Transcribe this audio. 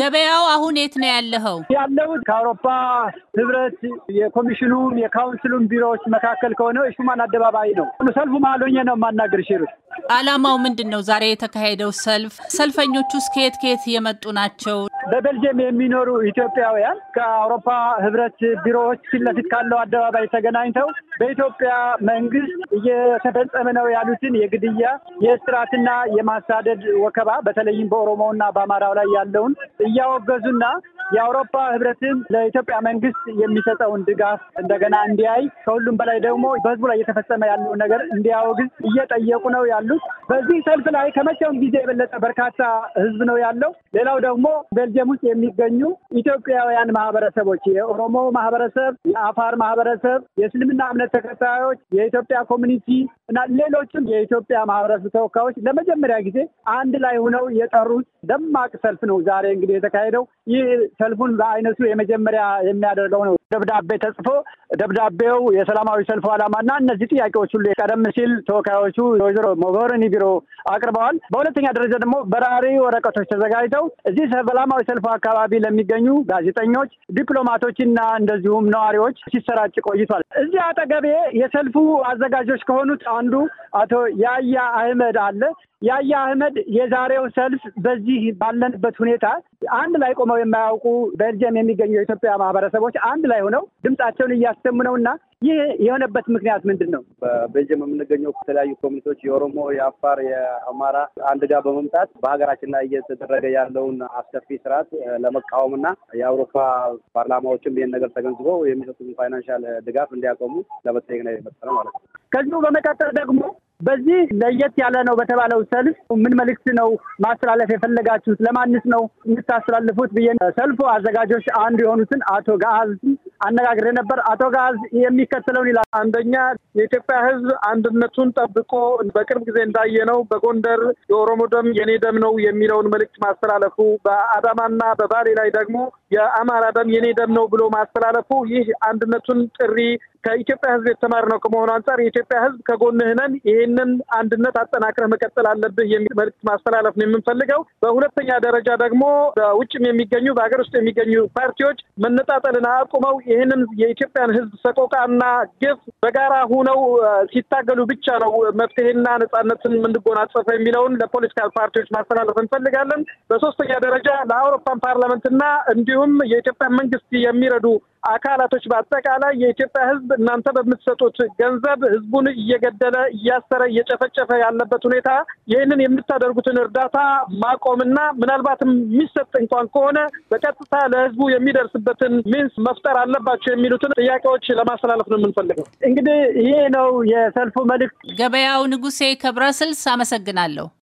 ገበያው አሁን የት ነው ያለኸው? ያለሁት ከአውሮፓ ህብረት የኮሚሽኑም የካውንስሉም ቢሮዎች መካከል ከሆነ ሹማን አደባባይ ነው። ሰልፉ መሀል ነው የማናገር። ሽሩት አላማው ምንድን ነው? ዛሬ የተካሄደው ሰልፍ ሰልፈኞቹ ከየት ከየት የመጡ ናቸው? በቤልጅየም የሚኖሩ ኢትዮጵያውያን ከአውሮፓ ህብረት ቢሮዎች ፊት ለፊት ካለው አደባባይ ተገናኝተው በኢትዮጵያ መንግስት እየተፈጸመ ነው ያሉትን የግድያ የእስራትና የማሳደድ ወከባ በተለይም በኦሮሞውና በአማራው ላይ ያለውን እያወገዙና የአውሮፓ ህብረትም ለኢትዮጵያ መንግስት የሚሰጠውን ድጋፍ እንደገና እንዲያይ ከሁሉም በላይ ደግሞ በህዝቡ ላይ እየተፈጸመ ያለውን ነገር እንዲያወግዝ እየጠየቁ ነው ያሉት። በዚህ ሰልፍ ላይ ከመቼውም ጊዜ የበለጠ በርካታ ህዝብ ነው ያለው። ሌላው ደግሞ ቤልጅየም ውስጥ የሚገኙ ኢትዮጵያውያን ማህበረሰቦች፣ የኦሮሞ ማህበረሰብ፣ የአፋር ማህበረሰብ፣ የእስልምና እምነት ተከታዮች፣ የኢትዮጵያ ኮሚኒቲ እና ሌሎችም የኢትዮጵያ ማህበረሰብ ተወካዮች ለመጀመሪያ ጊዜ አንድ ላይ ሆነው የጠሩት ደማቅ ሰልፍ ነው ዛሬ እንግዲህ የተካሄደው። ይህ ሰልፉን በአይነቱ የመጀመሪያ የሚያደርገው ነው ደብዳቤ ተጽፎ ደብዳቤው የሰላማዊ ሰልፉ ዓላማና እነዚህ ጥያቄዎች ሁሉ ቀደም ሲል ተወካዮቹ ወይዘሮ ሞጎሪኒ ቢሮ አቅርበዋል። በሁለተኛ ደረጃ ደግሞ በራሪ ወረቀቶች ተዘጋጅተው እዚህ ሰላማዊ ሰልፉ አካባቢ ለሚገኙ ጋዜጠኞች፣ ዲፕሎማቶችና እንደዚሁም ነዋሪዎች ሲሰራጭ ቆይቷል። እዚህ አጠገቤ የሰልፉ አዘጋጆች ከሆኑት አንዱ አቶ ያያ አህመድ አለ። ያያ አህመድ የዛሬው ሰልፍ በዚህ ባለንበት ሁኔታ አንድ ላይ ቆመው የማያውቁ በቤልጅየም የሚገኙ የኢትዮጵያ ማህበረሰቦች አንድ ላይ ሆነው ድምጻቸውን እያሰሙ ነው እና ይህ የሆነበት ምክንያት ምንድን ነው? በቤልጅየም የምንገኘው የተለያዩ ኮሚኒቲዎች የኦሮሞ፣ የአፋር፣ የአማራ አንድ ጋር በመምጣት በሀገራችን ላይ እየተደረገ ያለውን አስከፊ ስርዓት ለመቃወም እና የአውሮፓ ፓርላማዎችም ይህን ነገር ተገንዝበው የሚሰጡትን ፋይናንሻል ድጋፍ እንዲያቆሙ ለመጠየቅ ነው የመጣነው ማለት ነው። ከዚሁ በመቀጠል ደግሞ በዚህ ለየት ያለ ነው በተባለው ሰልፍ ምን መልእክት ነው ማስተላለፍ የፈለጋችሁት? ለማንስ ነው የምታስተላልፉት? ብዬ ሰልፉ አዘጋጆች አንዱ የሆኑትን አቶ ገአዝ አነጋግሬ ነበር። አቶ ጋዝ የሚከተለውን ይላል። አንደኛ የኢትዮጵያ ሕዝብ አንድነቱን ጠብቆ በቅርብ ጊዜ እንዳየነው በጎንደር የኦሮሞ ደም የኔ ደም ነው የሚለውን መልእክት ማስተላለፉ፣ በአዳማና በባሌ ላይ ደግሞ የአማራ ደም የኔ ደም ነው ብሎ ማስተላለፉ ይህ አንድነቱን ጥሪ ከኢትዮጵያ ህዝብ የተማር ነው ከመሆኑ አንጻር የኢትዮጵያ ህዝብ ከጎንህ ነን፣ ይህንን አንድነት አጠናክረህ መቀጠል አለብህ የሚል ማስተላለፍ ነው የምንፈልገው። በሁለተኛ ደረጃ ደግሞ በውጭም የሚገኙ በሀገር ውስጥ የሚገኙ ፓርቲዎች መነጣጠልን አቁመው ይህንን የኢትዮጵያን ህዝብ ሰቆቃና ግፍ በጋራ ሁነው ሲታገሉ ብቻ ነው መፍትሄና ነጻነትን የምንጎናጸፈ የሚለውን ለፖለቲካል ፓርቲዎች ማስተላለፍ እንፈልጋለን። በሶስተኛ ደረጃ ለአውሮፓን ፓርላመንትና እንዲሁም የኢትዮጵያን መንግስት የሚረዱ አካላቶች በአጠቃላይ የኢትዮጵያ ሕዝብ እናንተ በምትሰጡት ገንዘብ ሕዝቡን እየገደለ እያሰረ እየጨፈጨፈ ያለበት ሁኔታ ይህንን የምታደርጉትን እርዳታ ማቆምና ምናልባትም የሚሰጥ እንኳን ከሆነ በቀጥታ ለሕዝቡ የሚደርስበትን ሚንስ መፍጠር አለባቸው የሚሉትን ጥያቄዎች ለማስተላለፍ ነው የምንፈልገው። እንግዲህ ይሄ ነው የሰልፉ መልክት ገበያው ንጉሴ ከብራስልስ አመሰግናለሁ።